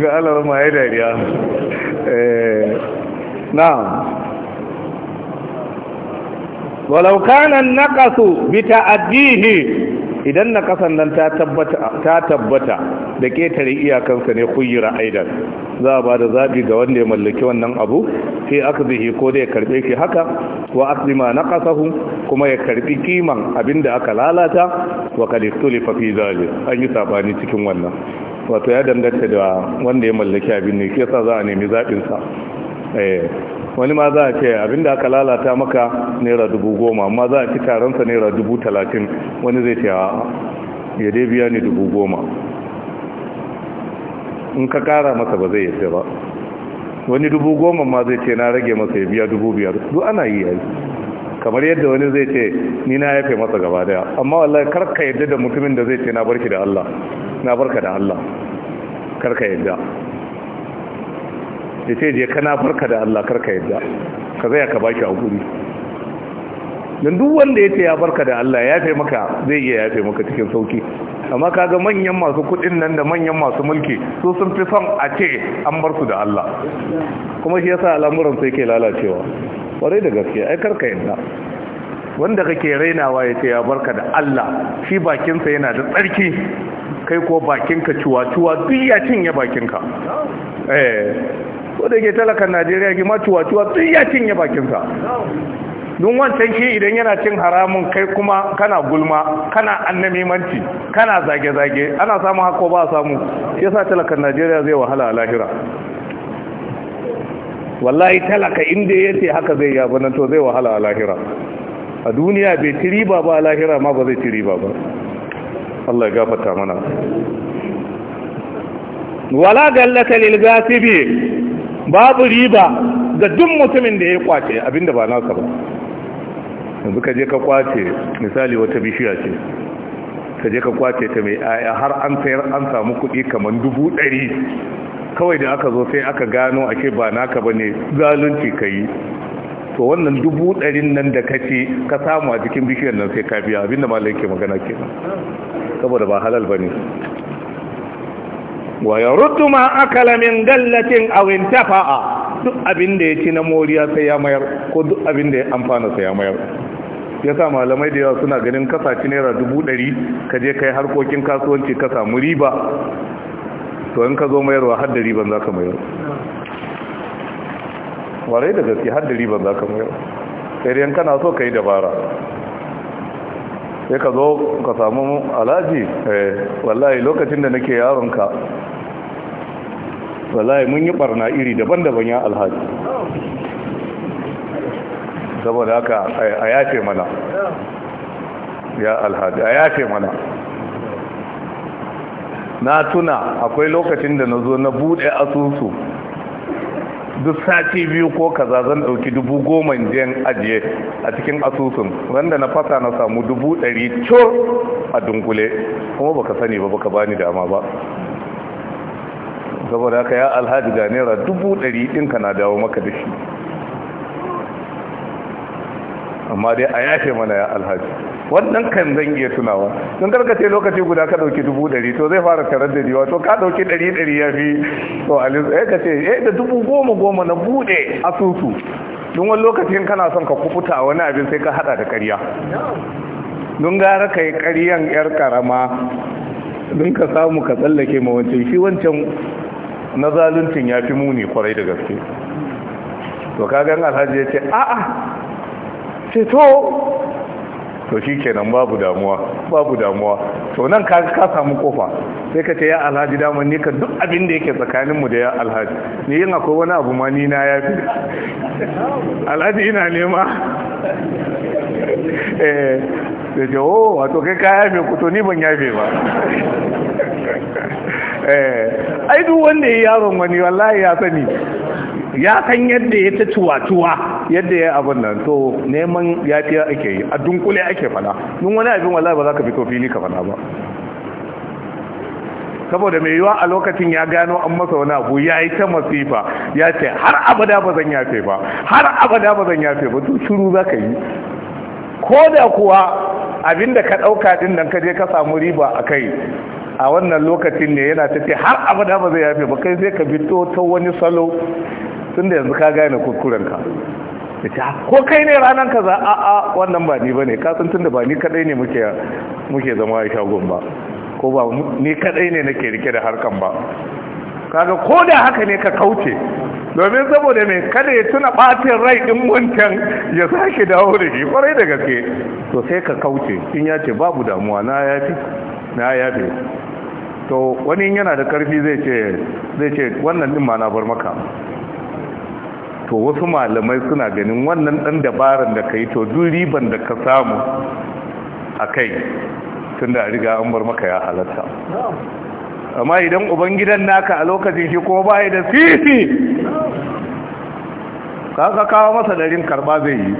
ga alaran ma ya dariya eh, Na. walaukanan kana an bi ta'addihi idan na kasan nan ta tabbata da ketare iyakansa ne kuyira aidan za a ba da zaɓi ga wanda ya mallaki wannan abu sai akzihi ko da ya karɓe shi haka wa aslima na kasahu kuma ya karɓi kiman abin da aka lalata wa kalistoli fafi zaɓi an yi sabani cikin wannan wato ya danganta da wanda ya mallaki abin ne ke sa za a nemi zaɓinsa eh. wani ma za a ce abinda aka lalata maka naira dubu goma amma za a ci taronsa naira dubu talatin wani zai ce ya dai biya ne dubu goma in ka kara masa ba zai ce ba wani dubu goma ma zai ce na rage masa ya biya dubu biyar duk ana yi yayi kamar yadda wani zai ce ni na yafe masa gaba daya amma wallahi karka yadda da mutumin da zai ce na barki da Allah na barka da Allah karka yadda ya ce je kana farka da Allah karka yadda ka zaya ka baki hakuri don duk wanda ya ce ya farka da Allah ya fi maka zai iya ya fi maka cikin sauki amma kaga manyan masu kudin nan da manyan masu mulki su sun fi son a ce an bar su da Allah kuma shi yasa al'amuran sai ke lalacewa kwarai da gaske ai karka yadda wanda kake rainawa ya ce ya barka da Allah shi bakinsa yana da tsarki kai ko bakinka cuwa-cuwa duk ya cinye bakinka eh ko da ke talakan najeriya ki ma tuwa-tuwa tun ya cinye bakinsa don wancan shi idan yana cin haramun kai kuma kana gulma kana annamimanci kana zage-zage ana samu hako ba samu ya sa talakan najeriya zai wahala a lahira wallahi talaka inda ya ce haka zai yabi nan to zai wahala a lahira a duniya bai tiri ba ba a lahira ma ba zai tiri ba ba Allah ya gafata mana wala gallata lil gasibi babu riba ga duk mutumin da ya kwace abinda ba nasa ba yanzu ka je ka kwace misali wata bishiya ce ka je ka kwace ta mai aya har an sayar an samu kuɗi kamar dubu ɗari kawai da aka zo sai aka gano ashe ba naka ba ne zalunci ka yi to wannan dubu ɗarin nan da ka ce ka samu a jikin bishiyar nan sai ka biya abinda malam ke magana kenan saboda ba halal ba ne wa ya rutu ma lamin min a awin tafa'a duk abin da ya ci na moriya sai ya mayar ko duk abin da ya amfana sai ya mayar ya sa malamai da yawa suna ganin ci naira dubu ɗari ka je kai harkokin kasuwanci ka samu riba to in ka zo mayarwa har da riban za ka mayar warai da gaske har da riban za ka mayar sai yan kana so ka yi dabara sai ka zo ka samu alaji wallahi lokacin da nake yaronka wallahi mun yi barna iri daban-daban ya alhaji saboda haka a yace mana ya alhaji a yace mana na tuna akwai lokacin da na zo na bude asusu duk sati biyu ko kaza zan ɗauki dubu goma jiyan ajiye a cikin asusun wanda na fasa na samu dubu dari cur a dunkule kuma baka sani ba baka bani dama ba saboda haka ya alhaji ga naira dubu ɗari ɗinka na dawo maka da shi amma dai a yashe mana ya alhaji wannan kan zan iya tunawa don karkace lokaci guda ka ɗauki dubu ɗari to zai fara tarar da jiwa to ka ɗauki ɗari ɗari ya fi to alisu ya eh kace ya eh da dubu goma goma na buɗe asusu don wani lokacin kana son ka kufuta wani abin sai ka haɗa da ƙarya don gara ka yi ƙaryan 'yar ƙarama don ka samu ka tsallake ma wancan shi wancan na zaluncin ya fi muni kwarai da gaske to kagan alhaji ya ce a'a ce to to shi kenan babu damuwa babu damuwa to nan ka samu kofa sai ka ce ya alhaji damar ni ka duk abin da yake tsakaninmu da ya alhaji ni yin akwai wani abu ma ni na ya fi alhaji ina nema eh da jawo oh, wato kai ka yafe ku to ni ban yafe ba Eh, Aidu wanda ya yaron wani wallahi ya sani ya san yadda ya ta tuwa-tuwa yadda ya abin nan to neman ya fiye ake yi a dunkule ake fada nun wani abin wallahi ba za ka fito fili ka fada ba saboda mai yiwa a lokacin ya gano an masa wani abu ya yi ta masifa ya ce har abada ba zan yafe ba har abada ba zan yafe ba to shiru za ka yi ko da kuwa abinda ka ɗauka ɗin nan ka je ka samu riba a kai a wannan lokacin ne yana ce har abada ba zai yafe ba kai sai ka fito ta wani salo tun da yanzu ka gane kuskurenka ah, ko kai ne ranar ka za a a wannan ba ni ba ne kasan tun da ba ni kadai ne muke zama a shagon ba ko ba ni kadai ne nake rike da harkan ba kaga ko da haka ne ka kauce domin saboda mai kada ya tuna batin rai ɗin wancan ya sake dawo da shi kwarai da gaske to ka kauce in ya ce babu damuwa na ya fi na fi to wani yana da karfi zai ce zai ce wannan din ma bar maka to wasu malamai suna ganin wannan dan dabaran da kai to duk riban da ka samu akai tunda a riga an bar maka ya halatta amma idan ubangidan naka a lokacin shi kuma bai da sisi ka ka kawo masa darin karba zai yi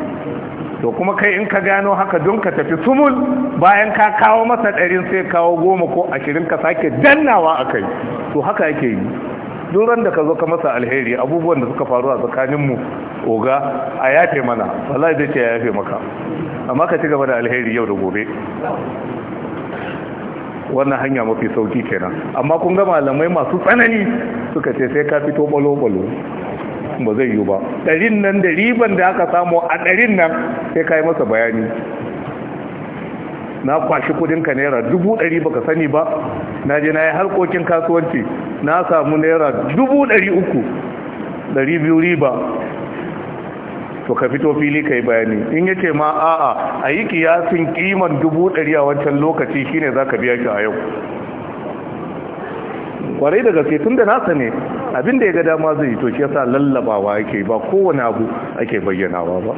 to kuma kai in ka gano haka don ka tafi sumul bayan ka kawo masa ɗarin sai kawo goma ko ashirin ka sake dannawa a kai to haka yake yi duran da ka zo ka masa alheri abubuwan da suka faru a tsakaninmu oga a yafe mana wallahi zai ce ya yafe maka amma ka ci gaba da alheri yau da gobe wannan hanya mafi sauki kenan amma kun ga malamai masu tsanani suka ce sai ka fito balo-balo ba zai yi ba ɗarin nan da riban da aka samu a ɗarin nan sai ka masa bayani na kwashi kudinka naira dubu ɗari baka sani ba na je na yi harkokin kasuwanci na samu naira dubu ɗari uku ɗari biyu riba to ka fito fili ka yi bayani in ya ce ma a'a a yi kiyasin kiman dubu ɗari a wancan lokaci shine za ka biya shi a yau kwarai da gaske tun da nasa ne abin da ya ga dama zai yi to shi yasa lallabawa yake ba kowane abu ake bayyanawa ba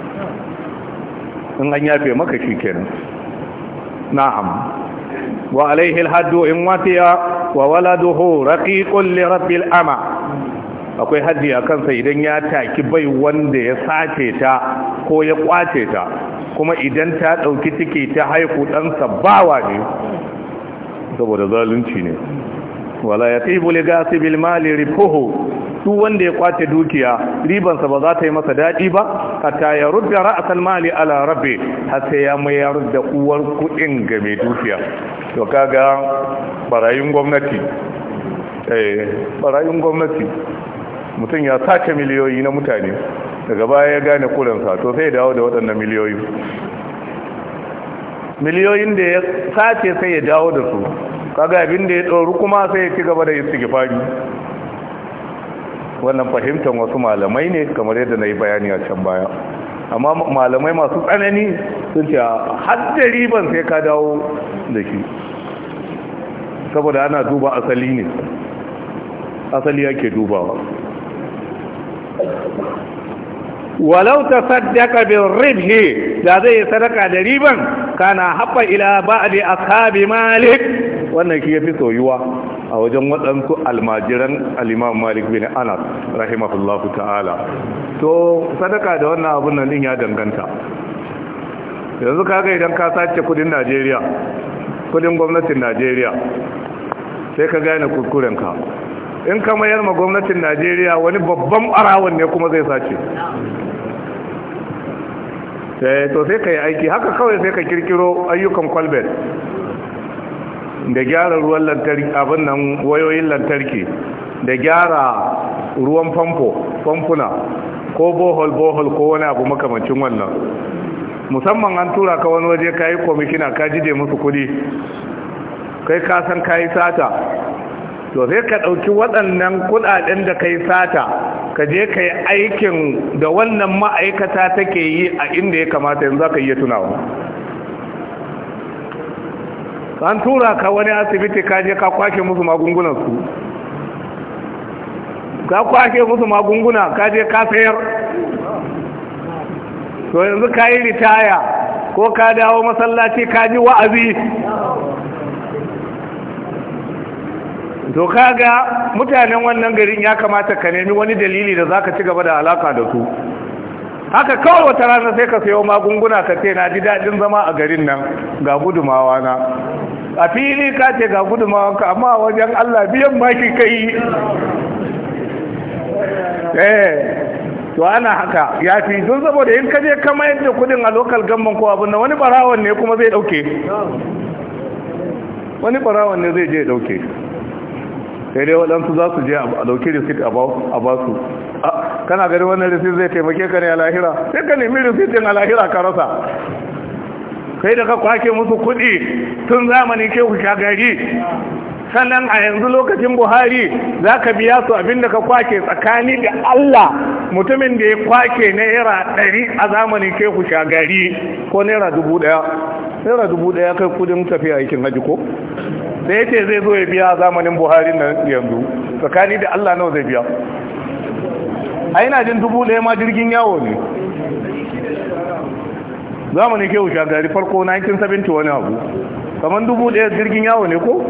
in an yafe maka shi kenan na'am wa alaihi alhaddu in watiya wa waladuhu raqiqun li rabbil ama akwai haddi a kansa idan ya taki bai wanda ya sace ta ko ya kwace ta kuma idan ta dauki ciki ta haihu dan bawa ne saboda zalunci ne wala ya tsibu li bil mali ripuhu duk wanda ya kwace dukiya ribansa ba za ta yi masa daɗi ba hatta ya rudda ra'asal mali ala rabbi har ya mayar da uwar kuɗin ga mai dukiya to kaga barayin gwamnati eh barayin gwamnati mutum ya sace miliyoyi na mutane daga baya ya gane kuransa to sai dawo da waɗannan miliyoyi miliyoyin da ya sace sai ya dawo da su kaga abin da ya ɗoru kuma sai ya ci gaba da fari. wannan fahimtar wasu malamai ne kamar yadda na yi bayani a can baya amma malamai masu tsanani sun ce har da riban sai ka dawo da shi saboda ana duba asali ne asali yake dubawa walau ta saddaka bin ribhi da zai yi sadaka da riban kana haɓa ila ba'adi ashabi malik wannan ke yafi soyuwa a wajen waɗansu almajiran al-imam malik bin anas rahimahullahu ta'ala to sadaka da wannan abun nan din ya danganta yanzu kaga idan ka sace kudin Najeriya kudin gwamnatin Najeriya sai ka gane kuskurenka in ka mayar ma gwamnatin Najeriya wani babban barawon ne kuma zai sace Eh, to sai ka yi aiki haka kawai sai ka kirkiro ayyukan kwalbet da gyara ruwan lantarki abin nan wayoyin lantarki da gyara ruwan famfo famfuna ko bohol bohol ko wani abu makamancin wannan musamman an tura ka wani waje ka yi komishina ka jide musu kudi kai ka san ka yi sata to sai ka ɗauki waɗannan kuɗaɗen da ka yi sata ka je ka yi aikin da wannan ma'aikata take yi a inda ya kamata yanzu za ka iya tunawa an tura ka wani asibiti ka je ka kwashe musu magungunansu ka kwashe musu magunguna ka je ka sayar to yanzu ka yi ritaya ko ka dawo masallaci ka ji wa'azi to kaga mutanen wannan garin ya kamata ka nemi wani dalili da zaka ci gaba da alaka da su haka kawai wata rana sai ka sayo magunguna ka ce na ji daɗin zama a garin nan ga gudumawa na a fili ka ce ga gudumawa ka amma wajen Allah biyan maki kai eh to ana haka ya fi don saboda in ka je ka mayar da kudin a lokal gamban ko abin nan wani barawon ne kuma zai dauke wani barawon ne zai je dauke sai dai waɗansu za su je a ɗauki risit a ba su kana gari wannan risit zai taimake ka ne a lahira sai ka nemi risit a lahira ka rasa kai da ka kwake musu kuɗi tun zamani ke ku gari. sannan a yanzu lokacin buhari za ka biya su abinda ka kwake tsakani da allah mutumin da ya kwake naira ɗari a zamanin ku shagari ko naira dubu ɗaya naira dubu ɗaya kai kudin tafiya aikin haji ko da ya ce zai zo ya biya a zamanin buhari nan yanzu tsakani da allah nawa zai biya a yana jin dubu ɗaya ma jirgin yawo ne zamanin ku shagari farko 1971 wani abu kamar dubu ɗaya jirgin yawo ne ko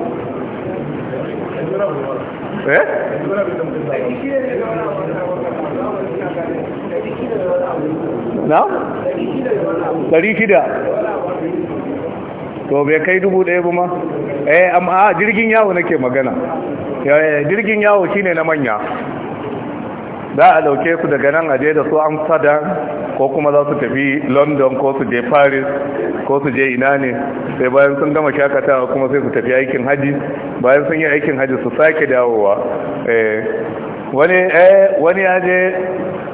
eh na? ɗari shida to bai kai dubu ɗaya ba ma eh amma jirgin yawo nake magana eh, jirgin yawo shine na manya za a dauke su daga nan aje da su amsterdam ko kuma za su tafi london ko su je paris ko su je ina ne sai bayan sun gama shakatawa kuma sai su tafi aikin haji bayan sun yi aikin haji su sake dawowa eh, eh, wani ya je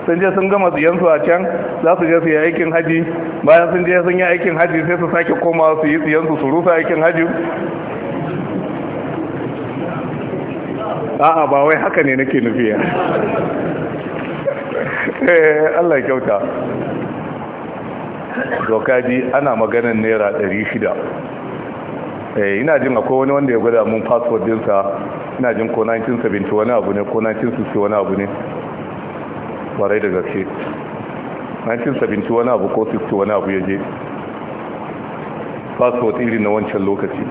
sun je sun gama tsiyansu a can za su je su yi aikin haji bayan sun je sun yi aikin haji sai su sake koma su yi tsiyansu su rusa aikin haji a'a ba wai haka ne nake nufiya Allah kyauta dokaji ana maganin naira 600 eh ina jin akwai wani wanda ya gwada mun passport dinsa ina jin ko 1970 wani abu ne ko 1960 wani abu ne warai da gaske 1970 wani abu ko 60 wani abu ya je passport iri na wancan lokaci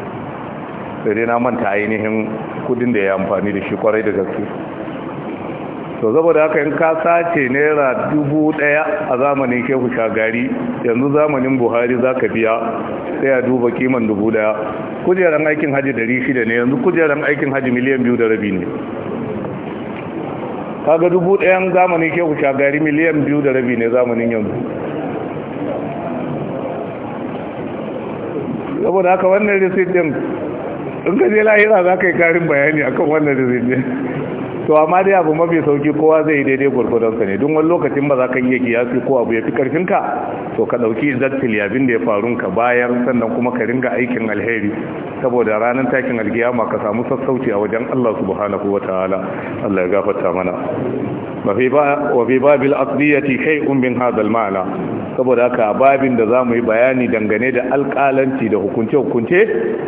sai dai na manta ainihin kudin da ya amfani da shi kwarai da gaske to saboda haka in ka sace naira dubu daya a zamanin shehu shagari yanzu zamanin buhari za ka biya sai a duba kiman dubu daya kujeran aikin haji dari shida ne yanzu kujeran aikin haji miliyan biyu da rabi ne kaga dubu dayan zamanin shehu shagari miliyan biyu da rabi ne zamanin yanzu saboda haka wannan risit din in ka je lahira za ka yi karin bayani akan wannan risit din to amma dai abu mafi sauki kowa zai yi daidai sa ne don wani lokacin ba za ka iya kiyasi ko abu ya fi ka to ka ɗauki zattil abin da ya farun ka bayar sannan kuma ka ringa aikin alheri saboda ranar takin alkiyama ka samu sassauci a wajen Allah subhanahu wataala Allah ya gafarta mana wafi babil asbiyati kai min hadal ma'ana saboda haka babin da zamu yi bayani dangane da alkalanci da hukunce hukunce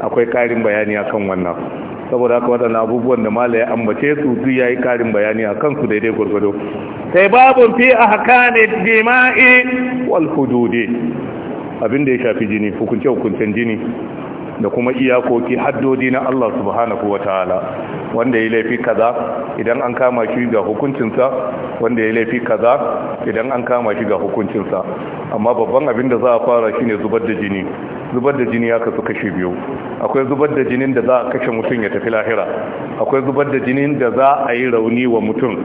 akwai ƙarin bayani akan wannan saboda haka waɗannan abubuwan da mala ya ambace su su yayi karin bayani akan su daidai gurgudo sai babun fi ahkani dima'i wal hududi abin da ya shafi jini hukunce hukuncen jini da kuma iyakoki haddodi na Allah subhanahu ta'ala wanda ya laifi kaza idan an kama shi ga hukuncinsa wanda ya laifi kaza idan an kama shi ga hukuncinsa amma babban abin da za a fara shine zubar da jini zubar da jini ya kasu kashe biyu akwai zubar da jinin da za a kashe mutum ya tafi lahira akwai zubar da jinin da za a yi rauni wa mutum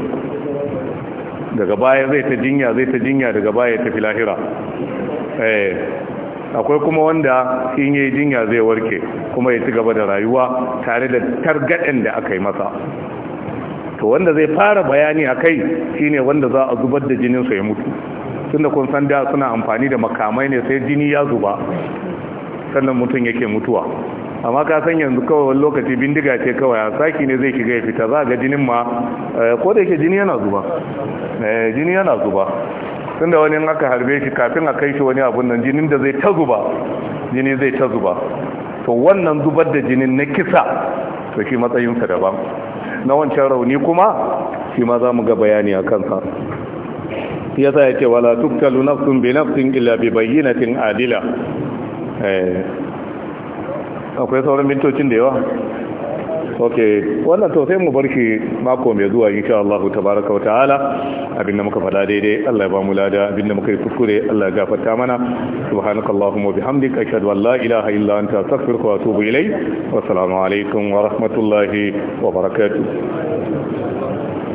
daga baya zai ta jinya zai ta jinya daga baya ya tafi lahira eh. akwai kuma wanda in yi jinya zai warke kuma ya ci gaba da rayuwa tare da targaɗen da aka yi masa to wanda zai fara bayani a kai shine wanda za a zubar da jininsa ya mutu tunda kun san da suna amfani da makamai ne sai jini ya zuba sannan mutum yake mutuwa amma ka san yanzu kawai wani lokaci bindiga ce kawai a saki ne zai kiga ya fita za ga jinin ma eh, ko da yake jini yana zuba eh, jini yana zuba tunda wani aka harbe shi kafin a kai shi wani abun nan jinin da zai ta zuba jini zai ta zuba to wannan zubar da jinin na kisa to shi matsayinsa daban na wancan rauni kuma shi ma za mu ga bayani a kansa ya sa ya ce wala tuktalu nafsun bi nafsin illa bi bayyinatin adila eh, akwai sauran mintocin da yawa ok wannan to sai mu barki mako mai zuwa insha Allah tabaraka wa ta'ala abinda muka faɗa daidai Allah ya ba mu lada abinda muka yi kuskure Allah ya gafarta mana subhanakallahumma bihamdika ashhadu an la ilaha illa anta astaghfiruka wa atubu ilayk wa assalamu alaikum wa rahmatullahi wa barakatuh